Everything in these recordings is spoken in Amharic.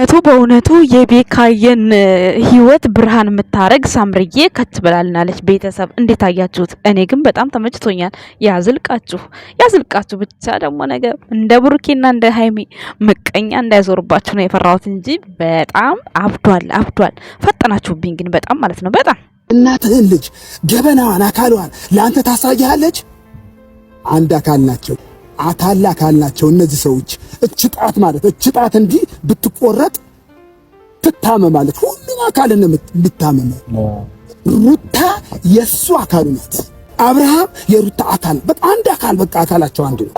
እውነቱ በእውነቱ የቤካየን ህይወት ብርሃን የምታረግ ሳምርዬ ከች ብላልናለች። ቤተሰብ እንዴት አያችሁት? እኔ ግን በጣም ተመችቶኛል። ያዝልቃችሁ፣ ያዝልቃችሁ። ብቻ ደግሞ ነገ እንደ ብሩኬና እንደ ሀይሜ ምቀኛ እንዳይዞርባችሁ ነው የፈራሁት እንጂ በጣም አብዷል፣ አብዷል። ፈጠናችሁብኝ ግን በጣም ማለት ነው በጣም እናትህን ልጅ ገበናዋን አካሏን ለአንተ ታሳያለች። አንድ አካል ናቸው፣ አካል አካል ናቸው እነዚህ ሰዎች። እች ጣት ማለት እች ጣት እንዲህ ብትቆረጥ ትታመማለች። ሁሉም አካል እንደምትታመመ ሩታ የእሱ አካሉ ናት። አብርሃም የሩታ አካል በቃ አንድ አካል በቃ አካላቸው አንድ ነው።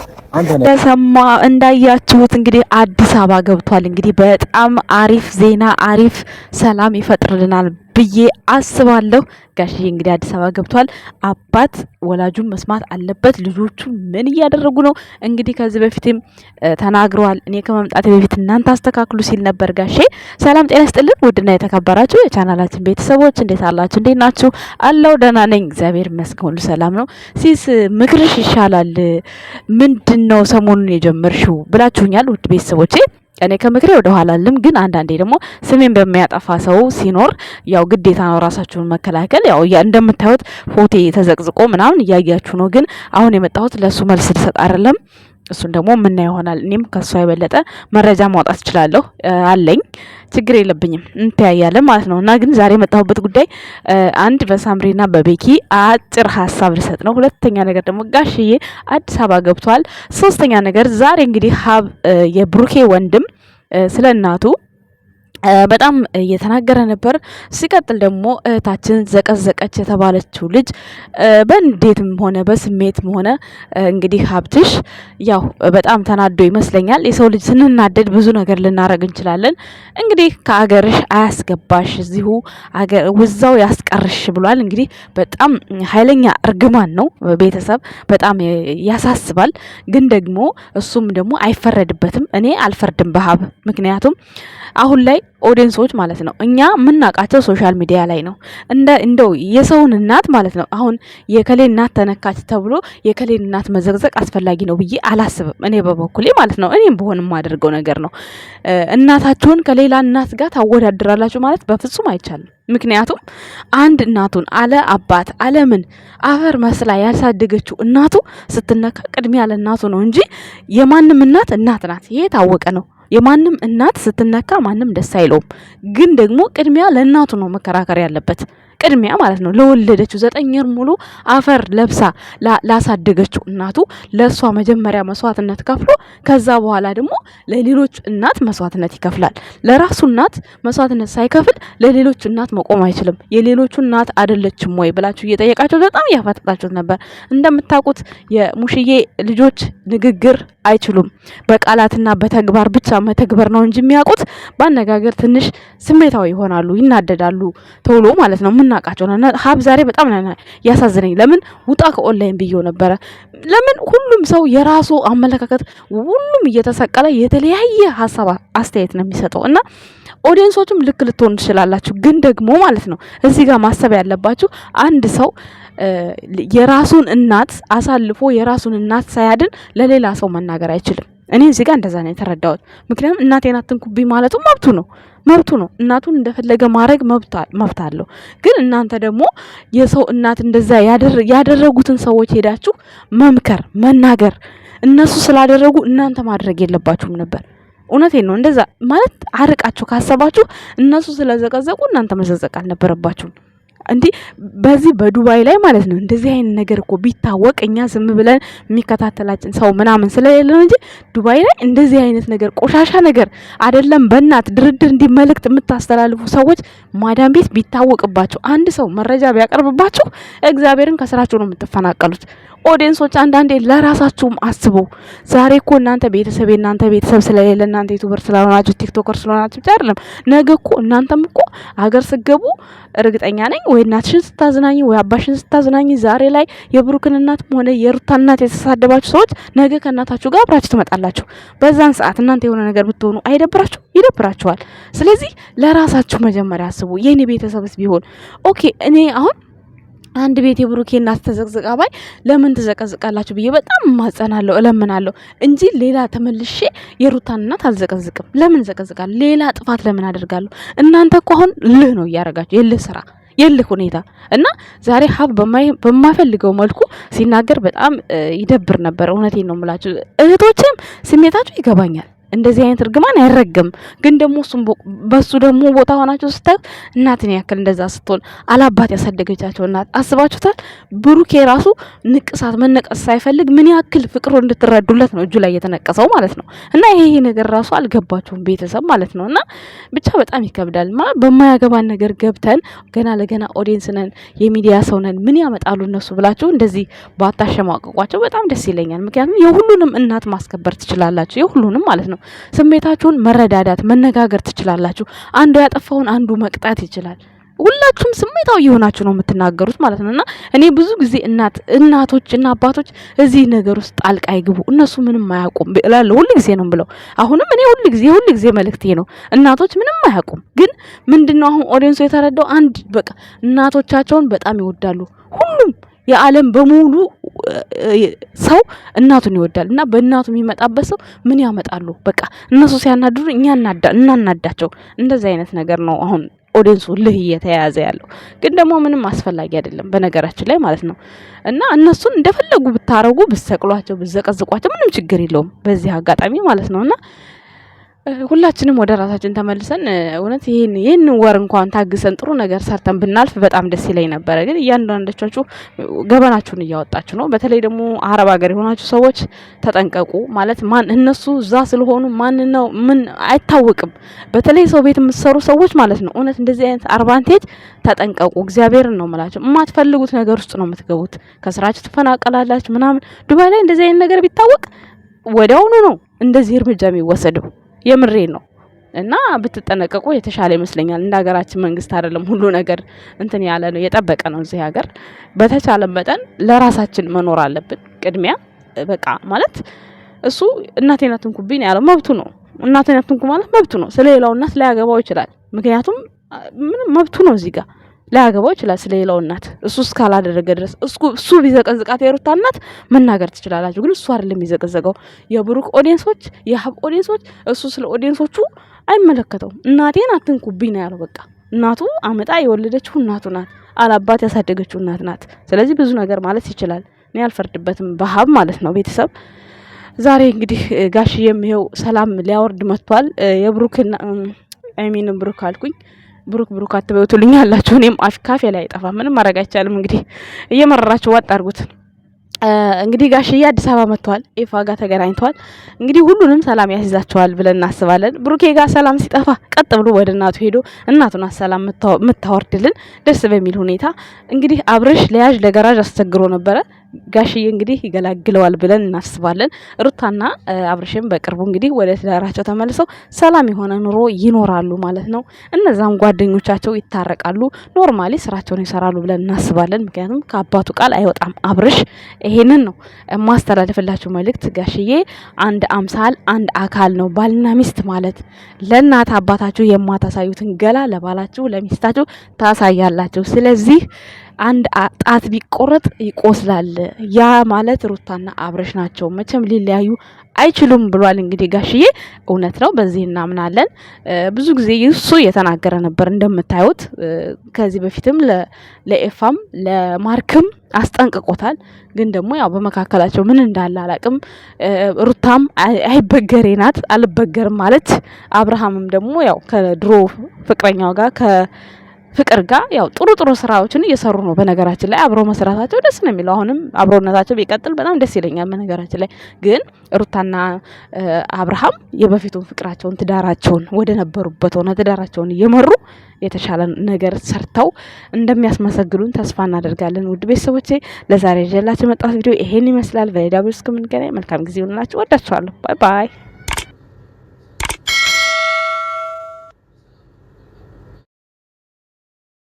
ተሰማ እንዳያችሁት እንግዲህ አዲስ አበባ ገብቷል። እንግዲህ በጣም አሪፍ ዜና አሪፍ ሰላም ይፈጥርልናል ብዬ አስባለሁ። ጋሽዬ እንግዲህ አዲስ አበባ ገብቷል። አባት ወላጁን መስማት አለበት። ልጆቹ ምን እያደረጉ ነው? እንግዲህ ከዚህ በፊትም ተናግረዋል። እኔ ከመምጣት በፊት እናንተ አስተካክሉ ሲል ነበር ጋሼ። ሰላም ጤና ይስጥልን ውድና የተከበራችሁ የቻናላችን ቤተሰቦች እንዴት አላችሁ? እንዴት ናችሁ? አለው ደህና ነኝ፣ እግዚአብሔር ይመስገን፣ ሁሉ ሰላም ነው። ሲስ ምክርሽ ይሻላል ምንድን ምን ነው ሰሞኑን የጀመርሽው ብላችሁኛል ውድ ቤተሰቦቼ። እኔ ከምክሬ ወደ ኋላ ልም ግን አንዳንዴ ደግሞ ስሜን በሚያጠፋ ሰው ሲኖር ያው ግዴታ ነው ራሳችሁን መከላከል። ያው እንደምታዩት ፎቴ ተዘቅዝቆ ምናምን እያያችሁ ነው። ግን አሁን የመጣሁት ለሱ መልስ ልሰጥ አይደለም። እሱን ደግሞ ምና ይሆናል። እኔም ከእሷ የበለጠ መረጃ ማውጣት እችላለሁ አለኝ፣ ችግር የለብኝም። እንተያያለን ማለት ነው እና ግን ዛሬ የመጣሁበት ጉዳይ አንድ በሳምሪና በቤኪ አጭር ሀሳብ ልሰጥ ነው። ሁለተኛ ነገር ደግሞ ጋሽዬ አዲስ አበባ ገብቷል። ሶስተኛ ነገር ዛሬ እንግዲህ ሀብ የብሩኬ ወንድም ስለ እናቱ በጣም እየተናገረ ነበር። ሲቀጥል ደግሞ እህታችን ዘቀዘቀች የተባለችው ልጅ በንዴትም ሆነ በስሜትም ሆነ እንግዲህ ሀብትሽ ያው በጣም ተናዶ ይመስለኛል። የሰው ልጅ ስንናደድ ብዙ ነገር ልናረግ እንችላለን። እንግዲህ ከአገርሽ አያስገባሽ እዚሁ ውዛው ያስቀርሽ ብሏል። እንግዲህ በጣም ኃይለኛ እርግማን ነው። ቤተሰብ በጣም ያሳስባል። ግን ደግሞ እሱም ደግሞ አይፈረድበትም። እኔ አልፈርድም በሀብ ምክንያቱም አሁን ላይ ኦዲንሶች ማለት ነው እኛ የምናውቃቸው ሶሻል ሚዲያ ላይ ነው። እንደ እንደው የሰውን እናት ማለት ነው አሁን የከሌ እናት ተነካች ተብሎ የከሌ እናት መዘግዘቅ አስፈላጊ ነው ብዬ አላስብም። እኔ በበኩሌ ማለት ነው እኔም በሆን የማደርገው ነገር ነው። እናታችሁን ከሌላ እናት ጋር ታወዳድራላችሁ ማለት በፍጹም አይቻልም። ምክንያቱም አንድ እናቱን አለ አባት አለምን አፈር መስላ ያሳደገችው እናቱ ስትነካ ቅድሚያ ለእናቱ ነው እንጂ የማንም እናት እናት ናት። ይሄ የታወቀ ነው። የማንም እናት ስትነካ ማንም ደስ አይለውም። ግን ደግሞ ቅድሚያ ለእናቱ ነው መከራከር ያለበት። ቅድሚያ ማለት ነው ለወለደችው ዘጠኝ ወር ሙሉ አፈር ለብሳ ላሳደገችው እናቱ ለእሷ መጀመሪያ መስዋዕትነት ከፍሎ ከዛ በኋላ ደግሞ ለሌሎች እናት መስዋዕትነት ይከፍላል። ለራሱ እናት መስዋዕትነት ሳይከፍል ለሌሎች እናት መቆም አይችልም። የሌሎቹ እናት አይደለችም ወይ ብላችሁ እየጠየቃቸው በጣም እያፋጠጣችሁት ነበር። እንደምታውቁት የሙሽዬ ልጆች ንግግር አይችሉም። በቃላትና በተግባር ብቻ መተግበር ነው እንጂ የሚያውቁት በአነጋገር ትንሽ ስሜታዊ ይሆናሉ፣ ይናደዳሉ ቶሎ ማለት ነው። የምናውቃቸው ሀብ ዛሬ በጣም ያሳዝነኝ። ለምን ውጣ ከኦንላይን ብዬው ነበረ። ለምን ሁሉም ሰው የራሱ አመለካከት፣ ሁሉም እየተሰቀለ የተለያየ ሀሳብ አስተያየት ነው የሚሰጠው እና ኦዲየንሶቹም ልክ ልትሆን ትችላላችሁ። ግን ደግሞ ማለት ነው እዚህ ጋር ማሰብ ያለባችሁ አንድ ሰው የራሱን እናት አሳልፎ የራሱን እናት ሳያድን ለሌላ ሰው መናገር አይችልም። እኔ እዚህ ጋር እንደዛ ነው የተረዳሁት። ምክንያቱም እናቴን አትንኩብኝ ማለቱ መብቱ ነው መብቱ ነው። እናቱን እንደፈለገ ማድረግ መብት አለው። ግን እናንተ ደግሞ የሰው እናት እንደዛ ያደረጉትን ሰዎች ሄዳችሁ መምከር፣ መናገር እነሱ ስላደረጉ እናንተ ማድረግ የለባችሁም ነበር። እውነቴን ነው። እንደዛ ማለት አርቃችሁ ካሰባችሁ እነሱ ስለዘቀዘቁ እናንተ መዘዘቅ አልነበረባችሁም። እንዲ በዚህ በዱባይ ላይ ማለት ነው። እንደዚህ አይነት ነገር እኮ ቢታወቅ እኛ ዝም ብለን የሚከታተላችን ሰው ምናምን ስለሌለ ነው እንጂ ዱባይ ላይ እንደዚህ አይነት ነገር ቆሻሻ ነገር አይደለም። በእናት ድርድር እንዲ መልእክት የምታስተላልፉ ሰዎች ማዳም ቤት ቢታወቅባቸው፣ አንድ ሰው መረጃ ቢያቀርብባችሁ፣ እግዚአብሔርን ከስራችሁ ነው የምትፈናቀሉት። ኦዲየንሶች አንዳንዴ ለራሳችሁም አስቡ። ዛሬ እኮ እናንተ ቤተሰብ እናንተ ቤተሰብ ስለሌለ እናንተ ዩቱበር ስለሆናችሁ ቲክቶከር ስለሆናችሁ ብቻ አይደለም። ነገ እኮ እናንተም እኮ አገር ስገቡ እርግጠኛ ነኝ ወይ እናትሽን ስታዝናኝ ወይ አባሽን ስታዝናኝ፣ ዛሬ ላይ የብሩክን እናትም ሆነ የሩታ እናት የተሳደባችሁ ሰዎች ነገ ከእናታችሁ ጋር አብራችሁ ትመጣላችሁ። በዛን ሰዓት እናንተ የሆነ ነገር ብትሆኑ አይደብራችሁ? ይደብራችኋል። ስለዚህ ለራሳችሁ መጀመሪያ አስቡ። የእኔ ቤተሰብስ ቢሆን ኦኬ እኔ አሁን አንድ ቤት የብሩኬ እናት ተዘቅዝቃ ባይ ለምን ትዘቀዝቃላችሁ ብዬ በጣም ማጸናለሁ እለምናለሁ እንጂ ሌላ ተመልሼ የሩታን እናት አልዘቀዝቅም። ለምን ዘቀዝቃለሁ? ሌላ ጥፋት ለምን አደርጋለሁ? እናንተ እኮ አሁን ልህ ነው እያደረጋችሁ የልህ ስራ የልህ ሁኔታ እና ዛሬ ሀብ በማይፈልገው መልኩ ሲናገር በጣም ይደብር ነበር። እውነቴን ነው የምላችሁ እህቶችም ስሜታችሁ ይገባኛል። እንደዚህ አይነት እርግማን አይረግም። ግን ደግሞ እሱም በሱ ደግሞ ቦታ ሆናችሁ ስታዩ እናትን ያክል እንደዛ ስትሆን አላባት ያሳደገቻቸው እናት አስባችሁታል። ብሩኬ ራሱ ንቅሳት መነቀስ ሳይፈልግ ምን ያክል ፍቅሩ እንድትረዱለት ነው እጁ ላይ የተነቀሰው ማለት ነው። እና ይሄ ይሄ ነገር ራሱ አልገባችሁም ቤተሰብ ማለት ነው። እና ብቻ በጣም ይከብዳል። በማያገባን ነገር ገብተን ገና ለገና ኦዲየንስ ነን የሚዲያ ሰው ነን ምን ያመጣሉ እነሱ ብላችሁ እንደዚህ ባታሸማቀቋቸው በጣም ደስ ይለኛል። ምክንያቱም የሁሉንም እናት ማስከበር ትችላላችሁ፣ የሁሉንም ማለት ነው። ስሜታችሁን መረዳዳት፣ መነጋገር ትችላላችሁ። አንዱ ያጠፋውን አንዱ መቅጣት ይችላል። ሁላችሁም ስሜታዊ የሆናችሁ ነው የምትናገሩት ማለት ነው። እና እኔ ብዙ ጊዜ እናት እናቶች እና አባቶች እዚህ ነገር ውስጥ ጣልቃ አይግቡ፣ እነሱ ምንም አያውቁም እላለሁ። ሁል ጊዜ ነው ብለው አሁንም እኔ ሁል ጊዜ ሁል ጊዜ መልእክቴ ነው፣ እናቶች ምንም አያውቁም። ግን ምንድነው አሁን ኦዲየንሱ የተረዳው አንድ በቃ እናቶቻቸውን በጣም ይወዳሉ። የዓለም በሙሉ ሰው እናቱን ይወዳል እና በእናቱ የሚመጣበት ሰው ምን ያመጣሉ? በቃ እነሱ ሲያናድሩ እኛ እናናዳቸው። እንደዚህ አይነት ነገር ነው አሁን ኦዲንሱ ልህ እየተያያዘ ያለው ግን ደግሞ ምንም አስፈላጊ አይደለም፣ በነገራችን ላይ ማለት ነው። እና እነሱን እንደፈለጉ ብታረጉ፣ ብትሰቅሏቸው፣ ብዘቀዝቋቸው ምንም ችግር የለውም በዚህ አጋጣሚ ማለት ነው እና ሁላችንም ወደ ራሳችን ተመልሰን እውነት ይህን ይህን ወር እንኳን ታግሰን ጥሩ ነገር ሰርተን ብናልፍ በጣም ደስ ይለኝ ነበረ። ግን እያንዳንዳችሁ ገበናችሁን እያወጣችሁ ነው። በተለይ ደግሞ አረብ ሀገር የሆናችሁ ሰዎች ተጠንቀቁ። ማለት ማን እነሱ እዛ ስለሆኑ ማን ነው ምን አይታወቅም። በተለይ ሰው ቤት የምትሰሩ ሰዎች ማለት ነው እውነት እንደዚህ አይነት አርባንቴጅ ተጠንቀቁ። እግዚአብሔርን ነው የምላቸው። የማትፈልጉት ነገር ውስጥ ነው የምትገቡት። ከስራችሁ ትፈናቀላላችሁ ምናምን። ዱባይ ላይ እንደዚህ አይነት ነገር ቢታወቅ ወዲያውኑ ነው እንደዚህ እርምጃ የሚወሰደው። የምሬ ነው። እና ብትጠነቀቁ የተሻለ ይመስለኛል። እንደ ሀገራችን መንግስት አይደለም ሁሉ ነገር እንትን ያለ ነው የጠበቀ ነው። እዚህ ሀገር በተቻለ መጠን ለራሳችን መኖር አለብን ቅድሚያ። በቃ ማለት እሱ እናቴን አትንኩብኝ ያለው መብቱ ነው። እናቴን አትንኩ ማለት መብቱ ነው። ስለሌላው እናት ላያገባው ይችላል። ምክንያቱም ምንም መብቱ ነው እዚህ ጋር ላያገባው ይችላል። ስለ ሌላው እናት እሱ እስካላደረገ ድረስ እሱ ቢዘቀዝቃት የሩታ እናት መናገር ትችላላችሁ። ግን እሱ አይደለም የሚዘቀዘቀው፣ የብሩክ ኦዲየንሶች፣ የሀብ ኦዲየንሶች። እሱ ስለ ኦዲየንሶቹ አይመለከተውም። እናቴን አትንኩብኝ ነው ያለው። በቃ እናቱ አመጣ የወለደችው እናቱ ናት፣ አላባት ያሳደገችው እናት ናት። ስለዚህ ብዙ ነገር ማለት ይችላል። እኔ አልፈርድበትም፣ በሀብ ማለት ነው ቤተሰብ ዛሬ እንግዲህ ጋሽ የሚሄው ሰላም ሊያወርድ መጥቷል። የብሩክና አይሚንም ብሩክ አልኩኝ ብሩክ ብሩክ አትበዩትልኝ ያላችሁ እኔም አፍ ካፌ ላይ አይጠፋ። ምንም ማድረግ አይቻልም። እንግዲህ እየመረራችሁ ዋጥ አድርጉት። እንግዲህ ጋሽዬ አዲስ አበባ መጥተዋል። ኤፋ ጋር ተገናኝተዋል። እንግዲህ ሁሉንም ሰላም ያስይዛቸዋል ብለን እናስባለን። ብሩኬ ጋር ሰላም ሲጠፋ ቀጥ ብሎ ወደ እናቱ ሄዶ እናቱን ሰላም የምታወርድልን ደስ በሚል ሁኔታ እንግዲህ አብረሽ ለያዥ ለገራዥ አስቸግሮ ነበረ። ጋሽዬ እንግዲህ ይገላግለዋል ብለን እናስባለን። ሩታና አብርሽም በቅርቡ እንግዲህ ወደ ትዳራቸው ተመልሰው ሰላም የሆነ ኑሮ ይኖራሉ ማለት ነው። እነዛም ጓደኞቻቸው ይታረቃሉ፣ ኖርማሊ ስራቸውን ይሰራሉ ብለን እናስባለን። ምክንያቱም ከአባቱ ቃል አይወጣም አብርሽ። ይሄንን ነው የማስተላለፍላችሁ መልእክት። ጋሽዬ አንድ አምሳል አንድ አካል ነው ባልና ሚስት ማለት። ለእናት አባታችሁ የማታሳዩትን ገላ ለባላችሁ ለሚስታችሁ ታሳያላችሁ። ስለዚህ አንድ ጣት ቢቆረጥ ይቆስላል። ያ ማለት ሩታና አብረሽ ናቸው፣ መቼም ሊለያዩ አይችሉም ብሏል። እንግዲህ ጋሽዬ እውነት ነው፣ በዚህ እናምናለን። ብዙ ጊዜ እሱ እየተናገረ ነበር እንደምታዩት። ከዚህ በፊትም ለኤፋም ለማርክም አስጠንቅቆታል። ግን ደግሞ ያው በመካከላቸው ምን እንዳለ አላቅም። ሩታም አይበገሬ ናት፣ አልበገርም ማለት አብርሃምም ደግሞ ያው ከድሮ ፍቅረኛው ጋር ፍቅር ጋር ያው ጥሩ ጥሩ ስራዎችን እየሰሩ ነው። በነገራችን ላይ አብሮ መስራታቸው ደስ ነው የሚለው አሁንም አብሮነታቸው ቢቀጥል በጣም ደስ ይለኛል። በነገራችን ላይ ግን ሩታና አብርሃም የበፊቱን ፍቅራቸውን፣ ትዳራቸውን ወደ ነበሩበት ሆነ ትዳራቸውን እየመሩ የተሻለ ነገር ሰርተው እንደሚያስመሰግኑን ተስፋ እናደርጋለን። ውድ ቤተሰቦቼ ለዛሬ ይዤላችሁ የመጣሁት ቪዲዮ ይሄን ይመስላል። በሌዳ መልካም ጊዜ ይሁንላችሁ። ወዳችኋለሁ። ባይ ባይ